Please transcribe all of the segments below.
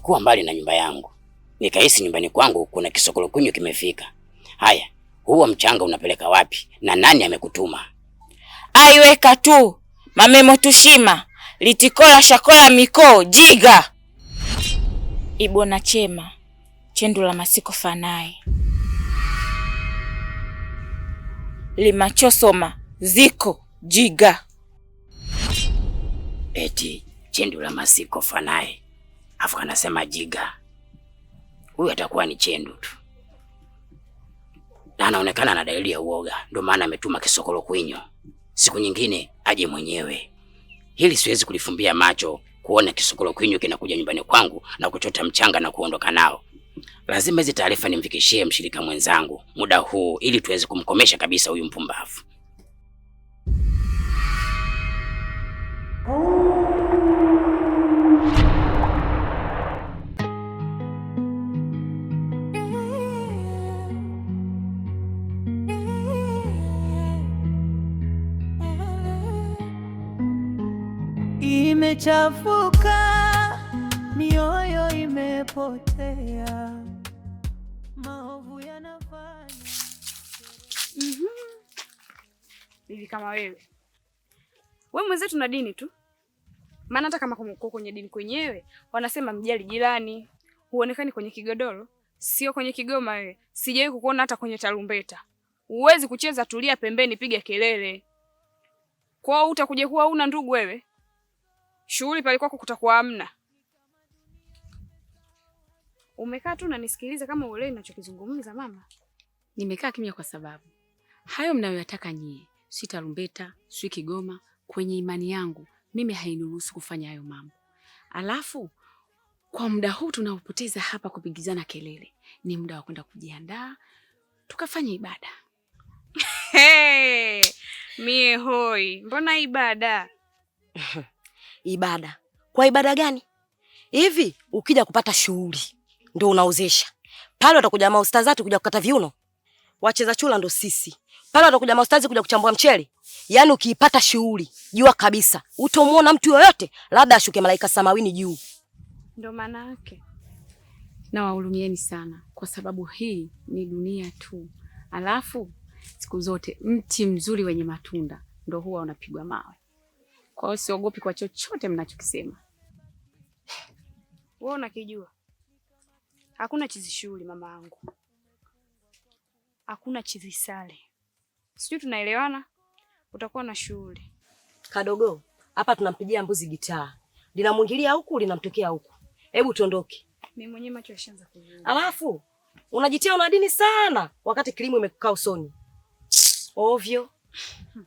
kuwa mbali na nyumba yangu. Nikahisi nyumbani kwangu kuna kunyu kimefika. Haya, huo mchanga unapeleka wapi na nani amekutuma? Aiweka tu mamemo tushima litikola shakola mikoo jiga ibona chema chendula la masiko fanaye limachosoma ziko jiga eti chendu la masiko fanai afu kanasema Jiga huyu atakuwa ni chendu tu, na anaonekana ana dalili ya uoga, ndio maana ametuma kisokolo kwinyo. Siku nyingine aje mwenyewe. Hili siwezi kulifumbia macho, kuona kisokolo kwinyo kinakuja nyumbani kwangu na kuchota mchanga na kuondoka nao. Lazima hizi taarifa nimfikishie mshirika mwenzangu muda huu, ili tuweze kumkomesha kabisa huyu mpumbavu. imechafuka, mioyo imepotea, maovu yanafanya mm hivi -hmm. Kama wewe we mwenzetu na dini tu, maana hata kama kuko kwenye dini kwenyewe wanasema mjali jirani, huonekani kwenye kigodoro, sio kwenye kigoma. Wewe sijawahi kukuona hata kwenye tarumbeta. Huwezi kucheza, tulia pembeni, piga kelele kwao. Utakuja kuwa una ndugu wewe shughuli kwako kutakuwa hamna. Umekaa tu unanisikiliza kama uelewi ninachokizungumza mama. Nimekaa kimya kwa sababu hayo mnayoyataka nyie, si tarumbeta, si Kigoma, kwenye imani yangu mimi hainiruhusu kufanya hayo mambo. Alafu kwa muda huu tunaopoteza hapa kupigizana kelele, ni muda wa kwenda kujiandaa tukafanya ibada. Hey, mie hoi, mbona ibada? ibada. Kwa ibada gani? Hivi ukija kupata shughuli ndio unaozesha. Pale watakuja maustazati kuja kukata viuno. Wacheza chula ndo sisi. Pale watakuja maustazi kuja kuchambua mchele. Yaani ukiipata shughuli, jua kabisa. Utomuona mtu yoyote, labda ashuke malaika samawini juu. Ndio maana yake. Nawahurumieni sana kwa sababu hii ni dunia tu. Alafu siku zote mti mzuri wenye matunda ndo huwa unapigwa mawe. Kwa hiyo siogopi kwa chochote mnachokisema. Wewe unakijua hakuna chizi shughuli, mama yangu, hakuna chizi sale, sijui tunaelewana. Utakuwa na shughuli kadogo hapa, tunampigia mbuzi gitaa, linamwingilia huku linamtokea huku. Hebu tuondoke, mimi mwenyewe macho yashaanza kuuma. Alafu unajitia una dini sana, wakati kilimo imekukaa usoni ovyo. Hmm.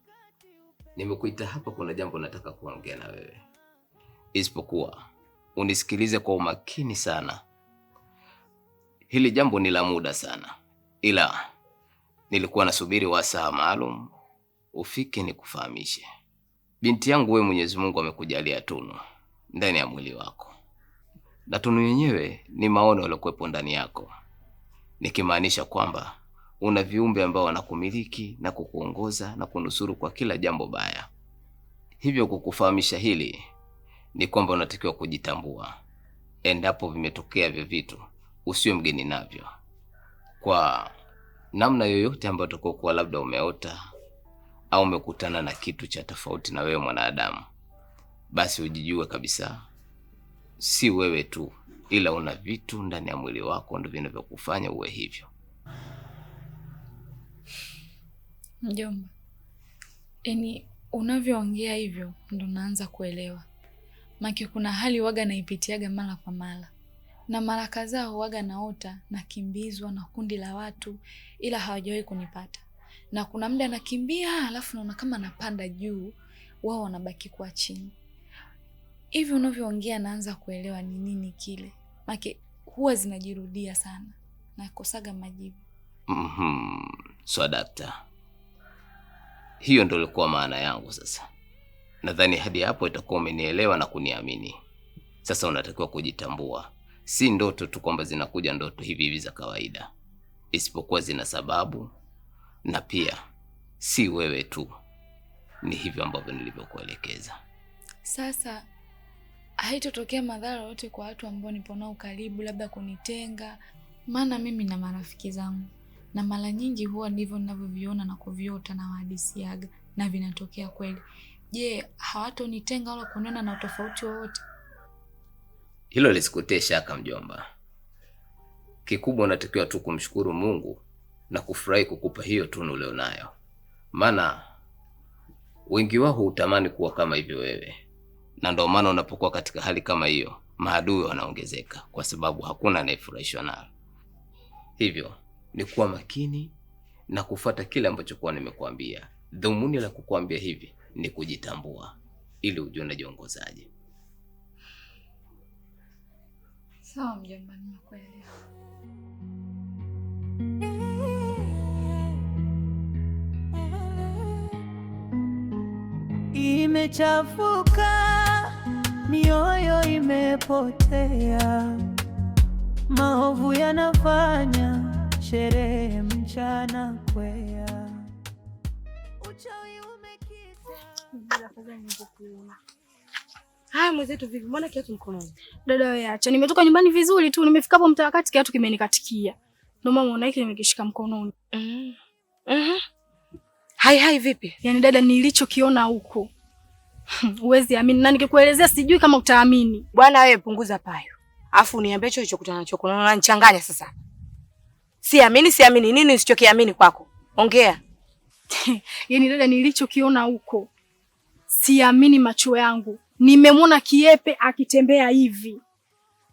nimekuita hapa, kuna jambo nataka kuongea na wewe, isipokuwa unisikilize kwa umakini sana. Hili jambo ni la muda sana, ila nilikuwa nasubiri wasaa maalum ufike nikufahamishe. Binti yangu, wewe Mwenyezi Mungu amekujalia tunu ndani ya mwili wako, na tunu yenyewe ni maono yaliyokuwepo ndani yako, nikimaanisha kwamba una viumbe ambao wanakumiliki na kukuongoza na kunusuru kwa kila jambo baya. Hivyo kukufahamisha hili ni kwamba unatakiwa kujitambua, endapo vimetokea vyo vitu usiwe mgeni navyo kwa namna yoyote ambayo utakokuwa labda umeota au umekutana na kitu cha tofauti na wewe mwanadamu, basi ujijue kabisa, si wewe tu, ila una vitu ndani ya mwili wako ndio vinavyokufanya uwe hivyo. Mjomba, yaani unavyoongea hivyo ndo naanza kuelewa, maki kuna hali waga naipitiaga mara kwa mara, na mara kadhaa huwaga naota nakimbizwa na kundi la watu, ila hawajawahi kunipata, na kuna muda nakimbia, alafu naona kama napanda juu, wao wanabaki kuwa chini. Hivi unavyoongea naanza kuelewa ni nini kile, maki huwa zinajirudia sana, nakosaga majibu. mm -hmm. So dakta hiyo ndio ilikuwa maana yangu. Sasa nadhani hadi hapo itakuwa umenielewa na kuniamini. Sasa unatakiwa kujitambua, si ndoto tu kwamba zinakuja ndoto hivi hivi za kawaida, isipokuwa zina sababu, na pia si wewe tu, ni hivyo ambavyo nilivyokuelekeza. Sasa haitotokea madhara yote kwa watu ambao nipo nao karibu, labda kunitenga, maana mimi na marafiki zangu na mara nyingi huwa ndivyo ninavyoviona na kuviota na wahadisiaga na vinatokea kweli. Je, hawatonitenga wala kunena na utofauti wowote? Hilo lisikutie shaka mjomba. Kikubwa unatakiwa tu kumshukuru Mungu na kufurahi kukupa hiyo tunu ulionayo, maana wengi wao hutamani kuwa kama hivyo wewe, na ndio maana unapokuwa katika hali kama hiyo maadui wanaongezeka, kwa sababu hakuna anayefurahishwa nayo. hivyo ni kuwa makini na kufata kile ambacho kuwa nimekuambia. Dhumuni la kukuambia hivi ni kujitambua, ili ujue unajiongozaje. Sawa mjomba, nimekuelewa. Imechafuka, mioyo imepotea, maovu yanafanya sherehe mchana kwea uchawi Haya mwenzetu, vipi? Mbona kiatu mkononi? Dada wewe acha, nimetoka nyumbani vizuri tu, nimefika hapo mtaa wakati kiatu kimenikatikia, ndio maana unaona hiki nimekishika mkononi. mm. mm -hmm. Hai hai, vipi? Yaani dada, nilichokiona huko huwezi amini, na nikikuelezea sijui kama utaamini. Bwana wewe, punguza payo, afu niambie cho hicho nacho, kuna nanichanganya sasa Siamini, siamini nini? usichokiamini kwako, ongea. Yaani dada, nilichokiona huko siamini macho yangu. Nimemwona kiepe akitembea hivi,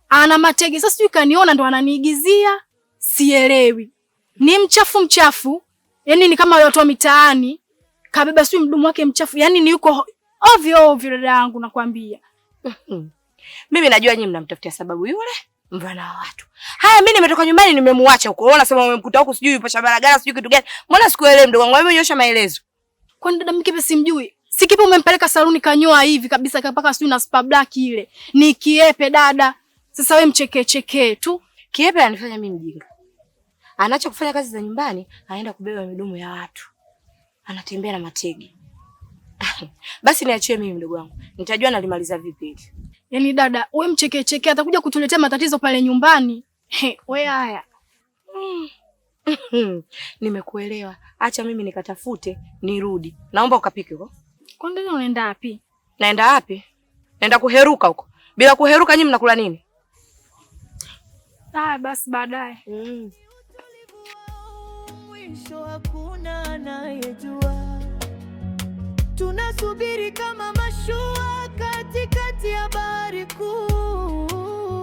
ana matege. Sasa sijui kaniona ndo ananiigizia, sielewi. Ni mchafu mchafu, yaani ni kama watu wa mitaani, kabeba sijui mdomo wake mchafu, yaani ni yuko ovyo ovyo. Dada yangu nakwambia. Mimi najua nyinyi mnamtafutia sababu yule mbona wa watu. Haya mimi nimetoka nyumbani nimemwacha huko. Wewe unasema umemkuta huko sijui yupo shamba la sijui kitu gani. Mbona sikuelewi mdogo wangu? Wewe unyosha maelezo. Kwani dada Mkipe simjui? Si Kipe umempeleka saluni kanyoa hivi kabisa kapaka sijui na spa black ile. Ni Kiepe dada. Sasa wewe mcheke cheke tu. Kiepe anifanya mimi mjinga. Anacho kufanya kazi za nyumbani, anaenda kubeba midomo ya watu. Anatembea na matege. Basi niachie mimi mdogo wangu. Nitajua nalimaliza vipi hivi. Yaani dada, we mchekecheke atakuja kutuletea matatizo pale nyumbani. He, we haya. Mm. Nimekuelewa. Acha mimi nikatafute nirudi. Naomba ukapike huko. Kwani nini unaenda wapi? Naenda wapi? Naenda kuheruka huko. Bila kuheruka nyinyi mnakula nini? Ah, basi baadaye. Mm. Hakuna anayejua tunasubiri kama mashua katikati ya bahari kuu.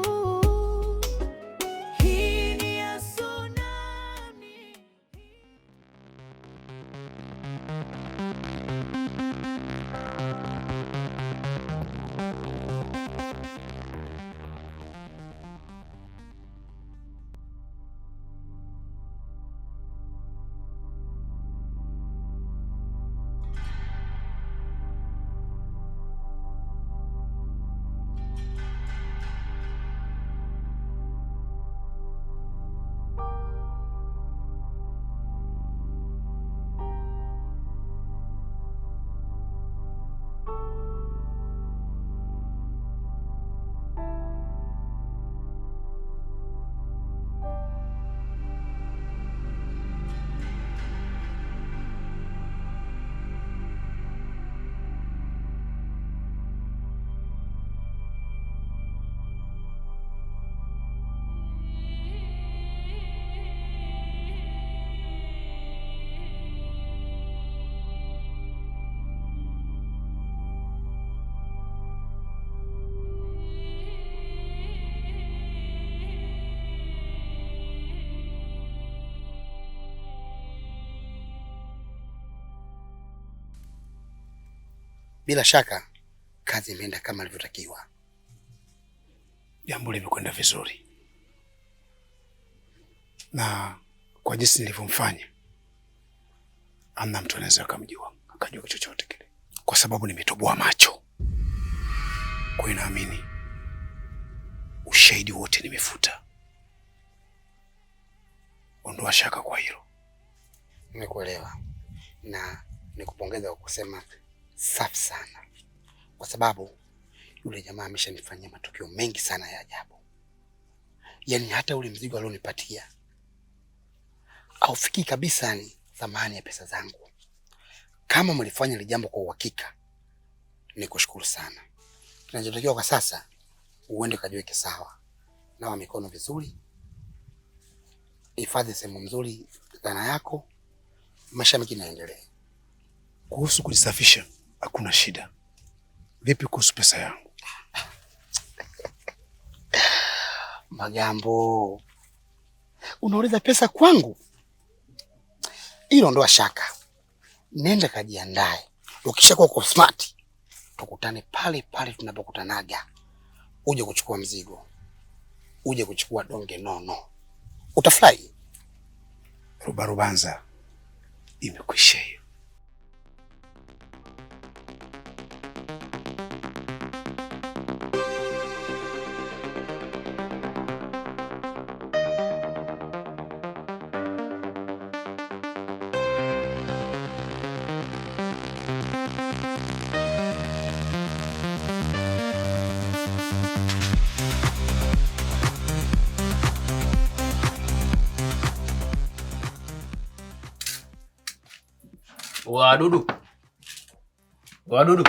Bila shaka kazi imeenda kama ilivyotakiwa, jambo limekwenda vizuri, na kwa jinsi nilivyomfanya, amna mtu anaweza akamjua akajua chochote kile, kwa sababu nimetoboa macho. Kwa hiyo naamini ushahidi wote nimefuta. Ondoa shaka kwa hilo. Nimekuelewa na nikupongeza kwa kusema safi sana, kwa sababu yule jamaa ameshanifanyia matukio mengi sana ya ajabu. Yaani hata ule mzigo alionipatia haufikii kabisa ni thamani ya pesa zangu. Kama mlifanya ile jambo kwa uhakika, ni kushukuru sana. Kinachotakiwa kwa sasa, uende kajiweke sawa, nawa mikono vizuri, hifadhi sehemu nzuri dhana yako, maisha mengine yaendelee. Kuhusu kujisafisha hakuna shida. Vipi kuhusu pesa yangu? Magambo, unauliza pesa kwangu? Hilo ndoa shaka. Nenda kajiandae, ukishakuwa uko smart tukutane pale pale tunapokutanaga, uje kuchukua mzigo, uje kuchukua donge nono, utafurahi. Rubarubanza, imekwisha hiyo. wadudu wadudu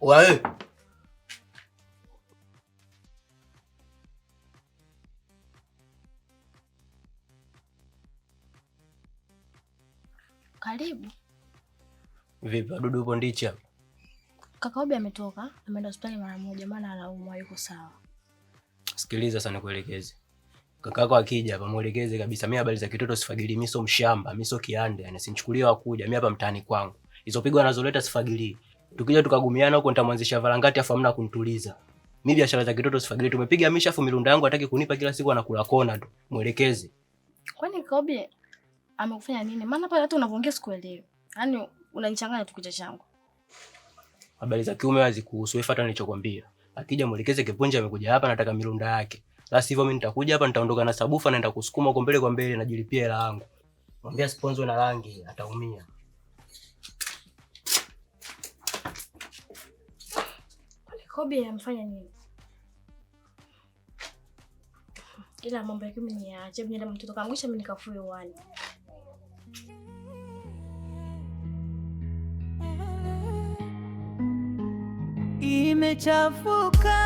wae karibu. Vipi wadudu, upo ndichi hapa? Kaka Obi ametoka, ameenda hospitali mara moja, maana anaumwa, yuko sawa. Sikiliza sana, nikuelekeze Kakako akija pamwelekeze kabisa, mimi habari za kitoto sifagili, mimi sio mshamba, mimi sio kiande, yani simchukulie wakuja, mimi hapa mtaani kwangu. Hizo pigo anazoleta sifagili. Tukija tukagumiana huko nitamwanzisha varangati afu amna kunituliza. Mimi biashara za kitoto sifagili, tumepiga misha afu mirunda yangu hataki kunipa, kila siku anakula kona tu. Mwelekeze. Kwani Kobe amekufanya nini? Maana hapa hata unavyoongea sikuelewi. Yaani unanichanganya tu kichwa changu. Habari za kiume hazikuhusu, ifuata nilichokwambia. Akija mwelekeze kipunje amekuja hapa, nataka mirunda yake. La sivyo mimi nitakuja hapa nitaondoka na sabufa naenda kusukuma huko mbele kwa mbele najilipia hela yangu. Mwambia sponsor na rangi ataumia. Kobe anamfanya nini? Ila mambo yake mimi niache, mimi ndio mtoto kaangusha mimi nikafue uani. Imechafuka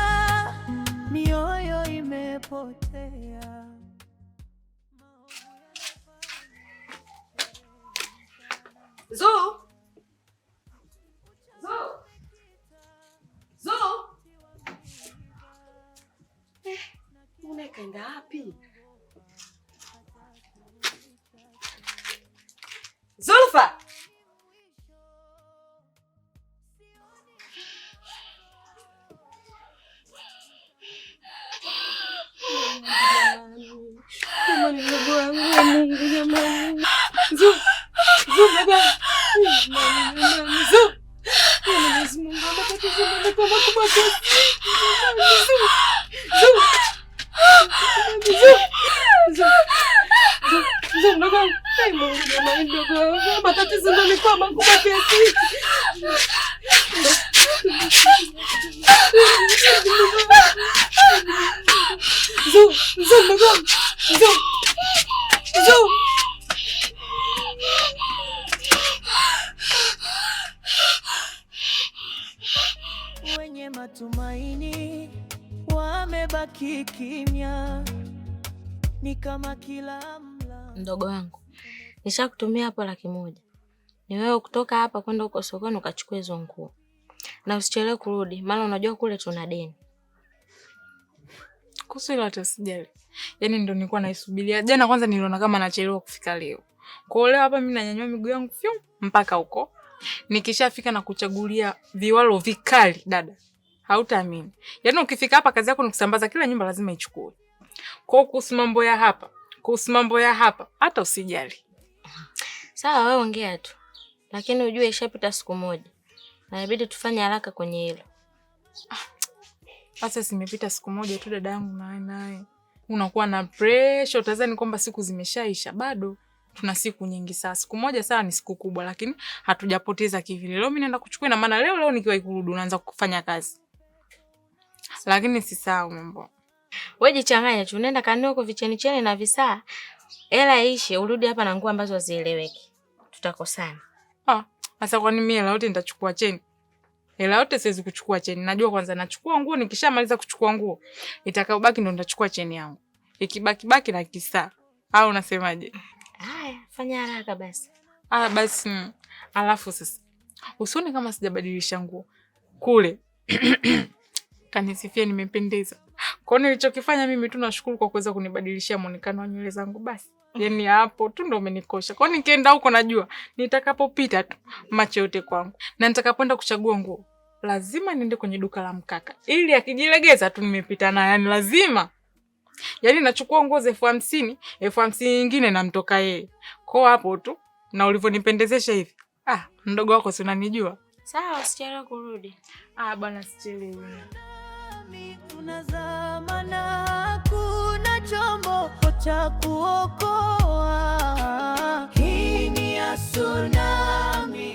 mioyo yamepotea. Zoo. Zoo. Zoo. Eh, nishakutumia hapo laki moja. Ni wewe kutoka hapa kwenda huko sokoni ukachukua hizo nguo, na usichelewe kurudi, maana unajua kule tuna deni. Kuhusu hilo hata sijali, yaani ndo nilikuwa naisubiria jana. Kwanza niliona kama nachelewa kufika leo, kwa hiyo leo hapa mimi nanyanyua miguu yangu fyum mpaka huko. Nikishafika na kuchagulia viwalo vikali, dada, hautaamini. Yaani ukifika hapa kazi yako ni kusambaza, kila nyumba lazima ichukue. Kwa hiyo kuhusu mambo ya hapa, kuhusu mambo ya hapa, hata usijali. Sawa, wewe ongea tu, lakini ujue ishapita siku moja na inabidi tufanye haraka kwenye hilo. Sasa simepita siku moja tu dadangu, nawe naye unakuwa na presha, utazani kwamba siku zimeshaisha. Bado tuna siku nyingi. Saa siku moja sawa, ni siku kubwa, lakini hatujapoteza kivile. Leo mimi naenda kuchukua, na maana leo leo nikiwa ikurudi unaanza kufanya kazi, lakini si sawa mambo. Wewe jichanganya tu, unaenda kanua huko vicheni cheni na visaa, hela ishe, urudi hapa na nguo ambazo hazieleweki tutakosana. Ah, sasa kwani mimi hela yote nitachukua cheni? Hela yote siwezi kuchukua cheni. Najua kwanza nachukua nguo, nikishamaliza kuchukua nguo itakayobaki ndo nitachukua cheni yangu. Ikibaki baki na kisa. Au unasemaje? Haya, fanya haraka basi. Ah, basi. Mm. Alafu sasa usioni kama sijabadilisha nguo kule kanisifia nimependeza. Kwa hiyo nilichokifanya mimi tu nashukuru kwa kuweza kunibadilishia mwonekano wa nywele zangu basi. Yani hapo tu ndo umenikosha. Kwani nikienda huko najua nitakapopita tu macho yote kwangu, na nitakapoenda kuchagua nguo lazima niende kwenye duka la mkaka, ili akijilegeza tu nimepita naye. Yani lazima, yani nachukua nguo za elfu hamsini elfu hamsini nyingine namtoka yeye ko hapo tu. Na ulivyonipendezesha hivi, ah, mdogo wako si unanijua. Sawa, usichelewe kurudi. Ah bwana, sichelewe. Kuna zamana, kuna chombo cha kuokoa. Hii ni ya Tsunami.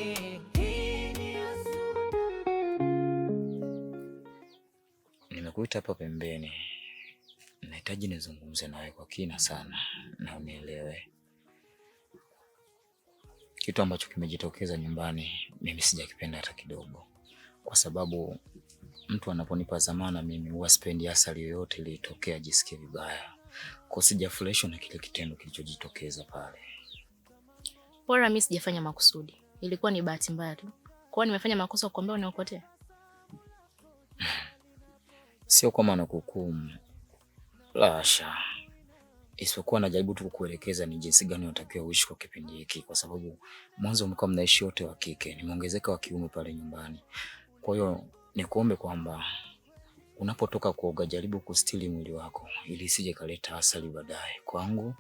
Nimekuita hapa pembeni, nahitaji nizungumze nawe kwa kina sana na unielewe kitu ambacho kimejitokeza nyumbani. Mimi sijakipenda hata kidogo, kwa sababu mtu anaponipa zamana mimi huwa spendi asali yoyote ilitokea ajisikie vibaya kwa sijafurahishwa na kile kitendo kilichojitokeza pale. Bora mimi sijafanya makusudi, ilikuwa ni bahati mbaya tu. Kwa nimefanya makosa kukwambia unaokotea? Sio kwa maana la hasha, isipokuwa najaribu tu kukuelekeza ni jinsi gani unatakiwa uishi kwa kipindi hiki, kwa sababu mwanzo mlikuwa mnaishi wote wa kike, nimeongezeka wa kiume pale nyumbani. Kwa hiyo nikuombe kwamba Unapotoka kuoga, jaribu kustili mwili wako ili isije kaleta athari baadaye kwangu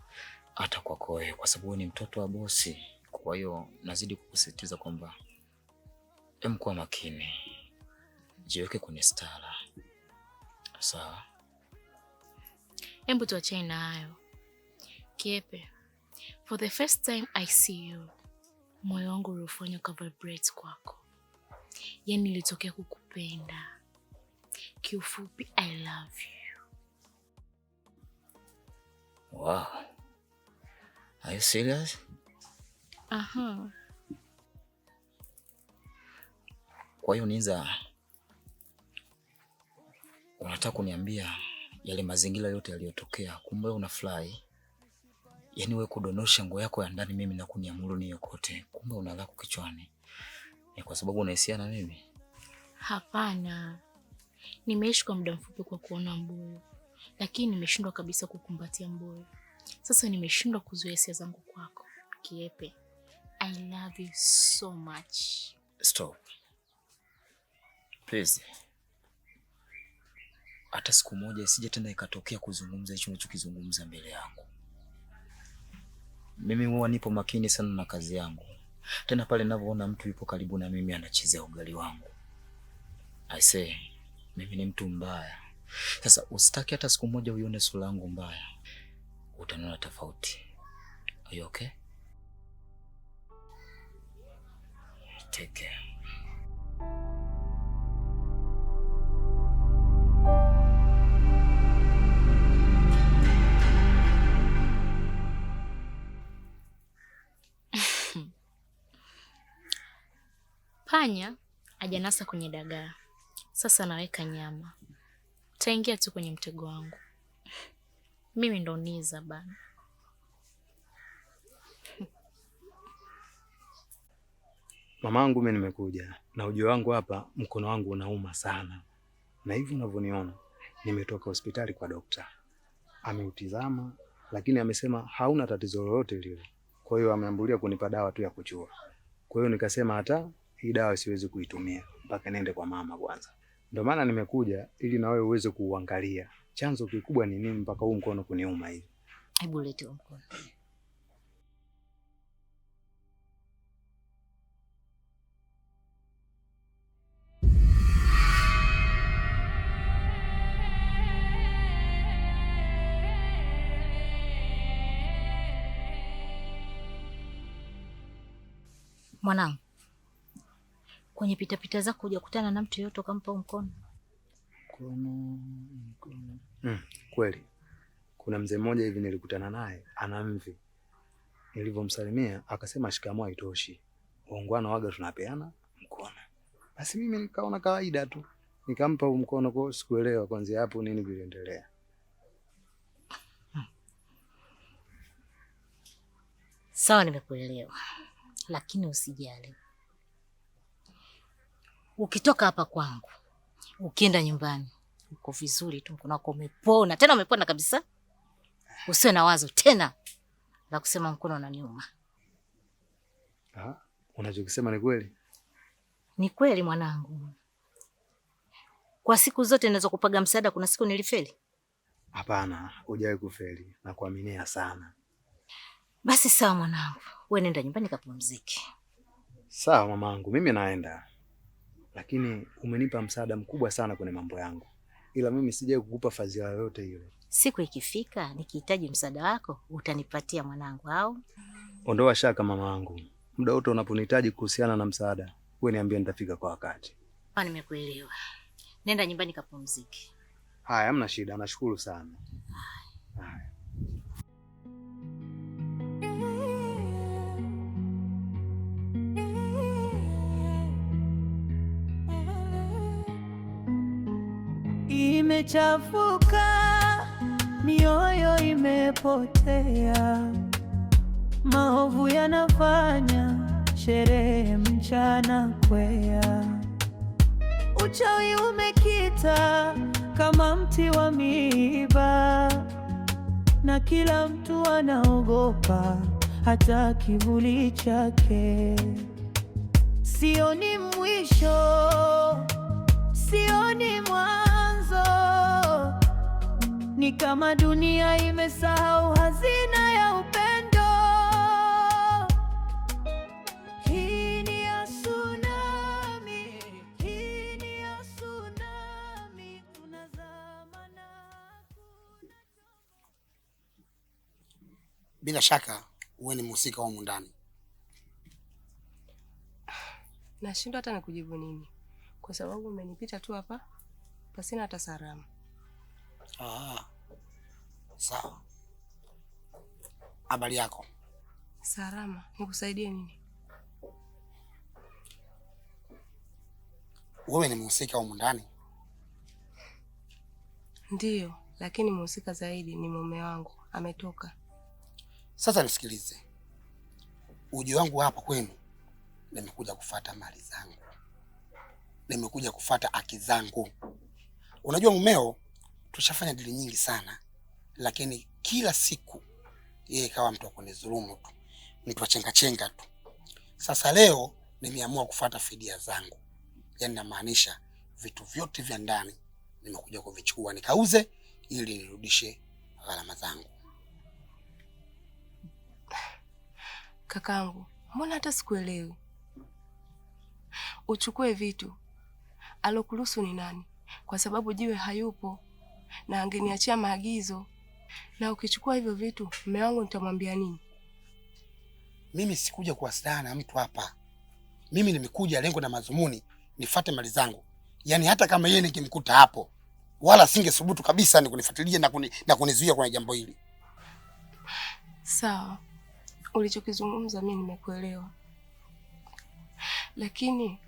hata kwako wewe, kwa sababu ni mtoto wa bosi. Kwa hiyo nazidi kukusisitiza kwamba emkuwa makini, jiweke kwenye stara, sawa? Hebu tuachane na hayo Kiepe. For the first time I see you, moyo wangu ulifanya kwako, yani ilitokea kukupenda kiufupi I love you. Wow. Are you serious? Aha. Kwa hiyo Niza, unataka kuniambia yale mazingira yote yaliyotokea, kumbe unafurahi? Yaani wewe kudonosha nguo yako ya ndani mimi na kuniamuru niokote, kumbe unalako kichwani, ni kwa sababu unahisiana mimi? Hapana. Nimeishi kwa muda mfupi kwa kuona mbuyu, lakini nimeshindwa kabisa kukumbatia mbuyu. Sasa nimeshindwa kuzuia hisia zangu kwako, Kiepe. I love you so much. Stop. Please. Hata siku moja isije tena ikatokea kuzungumza hicho unachokizungumza mbele yangu. Mimi huwa nipo makini sana na kazi yangu, tena pale ninavyoona mtu yupo karibu na mimi anachezea ugali wangu. I say mimi ni mtu mbaya. Sasa usitaki hata siku moja uione sura yangu mbaya, utaniona tofauti. Are you okay? Take care. Panya ajanasa kwenye dagaa. Sasa naweka nyama, taingia tu kwenye mtego wangu. Mimi ndo niza bana. Mamangu, mimi nimekuja na ujio wangu hapa, mkono wangu unauma sana, na hivi unavyoniona nimetoka hospitali kwa dokta, ameutizama lakini amesema hauna tatizo lolote lile. Kwa hiyo ameambulia kunipa dawa tu ya kuchua. Kwa hiyo nikasema hata hii dawa siwezi kuitumia mpaka nende kwa mama kwanza. Ndio maana nimekuja ili na wewe uweze kuuangalia chanzo kikubwa ni nini mpaka huu mkono kuniuma hivi. Hebu lete huu mkono. Mwanangu, kwenye pitapita zako hujakutana na mtu yoyote ukampa mkono? Mkono, mkono. Mm, kweli kuna mzee mmoja hivi nilikutana naye ana mvi, nilivyomsalimia akasema shikamoo haitoshi, waungwana waga tunapeana mkono. Basi mimi nikaona kawaida tu nikampa mkono, kwa sikuelewa kwanza hapo nini kiliendelea. Sawa, nimekuelewa, lakini usijali Ukitoka hapa kwangu ukienda nyumbani uko vizuri tu, mkonako umepona, tena umepona kabisa. Usiwe na wazo tena la kusema mkono nyuma ah, Unachokisema ni kweli, ni kweli mwanangu. Kwa siku zote kupaga msaada, kuna siku nilifeli? Hapana, hujawahi kufeli, nakuaminia sana. Basi sawa mwanangu, wewe nenda nyumbani kapumziki. Sawa mamangu, mimi naenda lakini umenipa msaada mkubwa sana kwenye mambo yangu, ila mimi sijai kukupa fadhila yoyote ile. Siku ikifika nikihitaji msaada wako utanipatia mwanangu, au ondoa shaka mama wangu. Muda wote unaponihitaji kuhusiana na msaada, wewe niambie, nitafika kwa wakati. Ah, nimekuelewa, nenda nyumbani kapumzike. Haya, hamna shida. Nashukuru sana. Haya. imechafuka, mioyo imepotea, maovu yanafanya sherehe mchana kwea, uchawi umekita kama mti wa miiba, na kila mtu anaogopa hata kivuli chake. Sioni mwisho, sioni mwisho. Ni kama dunia imesahau hazina ya upendo. Hii ni ya tsunami, hii ni ya tsunami. na bila shaka uwe ni mhusika humu ndani. Nashindwa hata na nini, kwa sababu umenipita tu hapa pasina hata salamu. Ah. sawa. Habari yako? Salama. Nikusaidie nini? Wewe ni mhusika humu ndani? Ndiyo, lakini mhusika zaidi ni mume wangu, ametoka. Sasa nisikilize, uji wangu hapa kwenu, nimekuja kufata mali zangu, nimekuja kufata haki zangu. Unajua mumeo tushafanya dili nyingi sana, lakini kila siku yeye kawa mtu akunizulumu tu, mtu achenga chenga tu. Sasa leo nimeamua kufata fidia zangu, yani namaanisha vitu vyote vya ndani nimekuja kuvichukua nikauze, ili nirudishe gharama zangu. Kakangu, mbona hata sikuelewi? Uchukue vitu, alokuruhusu ni nani? Kwa sababu jiwe hayupo na angeniachia maagizo. Na ukichukua hivyo vitu, mume wangu nitamwambia nini? Mimi sikuja kuwasiliana na mtu hapa. Mimi nimekuja lengo na madhumuni nifate mali zangu. Yaani hata kama yeye nikimkuta hapo, wala singesubutu kabisa ni kunifuatilia na, kuni, na kunizuia kwenye jambo hili. Sawa, ulichokizungumza mimi nimekuelewa, lakini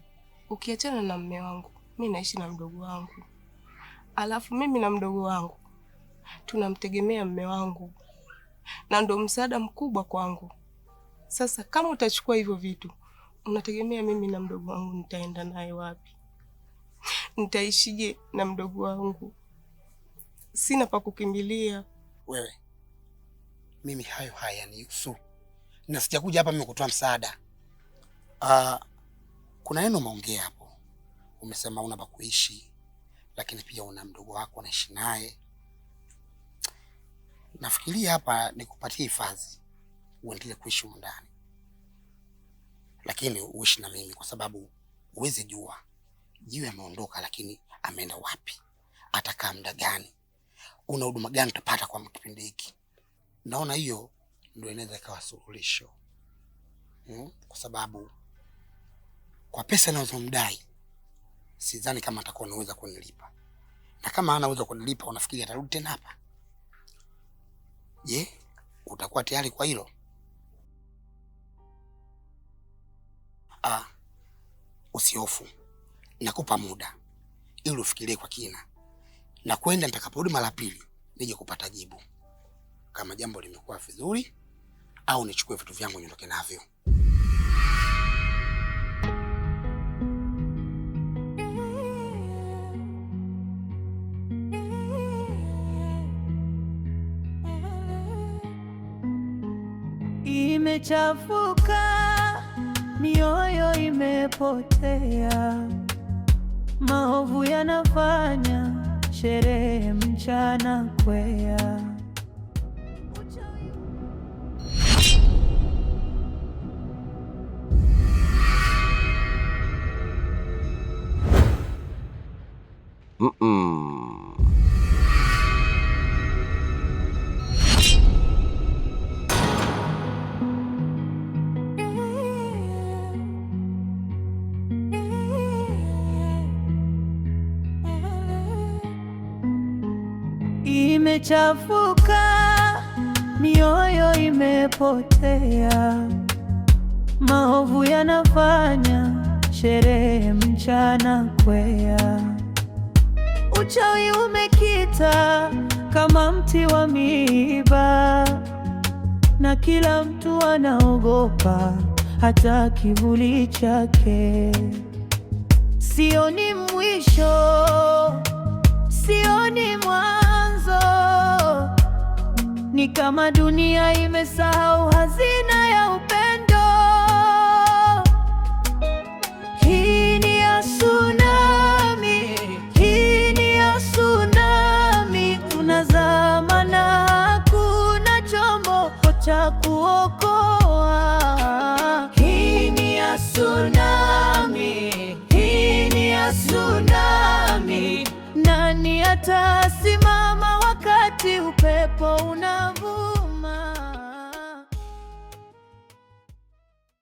ukiachana na mume wangu, mimi naishi na mdogo wangu Alafu mimi na mdogo wangu tunamtegemea mme wangu, na ndo msaada mkubwa kwangu. Sasa kama utachukua hivyo vitu, unategemea mimi na mdogo wangu nitaenda naye wapi? Nitaishije na mdogo wangu? Sina pa kukimbilia. Wewe mimi hayo hayanihusu, na sijakuja hapa mimi kutoa msaada. Uh, kuna neno umeongea hapo, umesema una pa kuishi lakini pia una mdogo wako unaishi naye. Nafikiria hapa nikupatie hifadhi uendelee kuishi huko ndani, lakini uishi na mimi, kwa sababu uweze jua Jiwe ameondoka, lakini ameenda wapi? Atakaa muda gani? una huduma gani utapata kwa kipindi hiki? Naona hiyo ndio inaweza ikawa suluhisho hmm? kwa sababu kwa pesa anazomdai sidhani kama atakuwa anaweza kunilipa, na kama hana uwezo kunilipa, unafikiri atarudi tena hapa? Je, utakuwa tayari kwa hilo? Ah, usihofu, nakupa muda ili ufikirie kwa kina, na kwenda nitakaporudi mara pili nije kupata jibu kama jambo limekuwa vizuri au nichukue vitu vyangu niondoke navyo. imechafuka, mioyo imepotea, maovu yanafanya sherehe mchana kwea. Mm -mm. imechafuka, mioyo imepotea, maovu yanafanya sherehe mchana kwea, uchawi umekita kama mti wa miiba, na kila mtu anaogopa hata kivuli chake. Sioni mwisho, sioni mwa ni kama dunia imesahau hazina ya upendo. Hii ni ya unapo una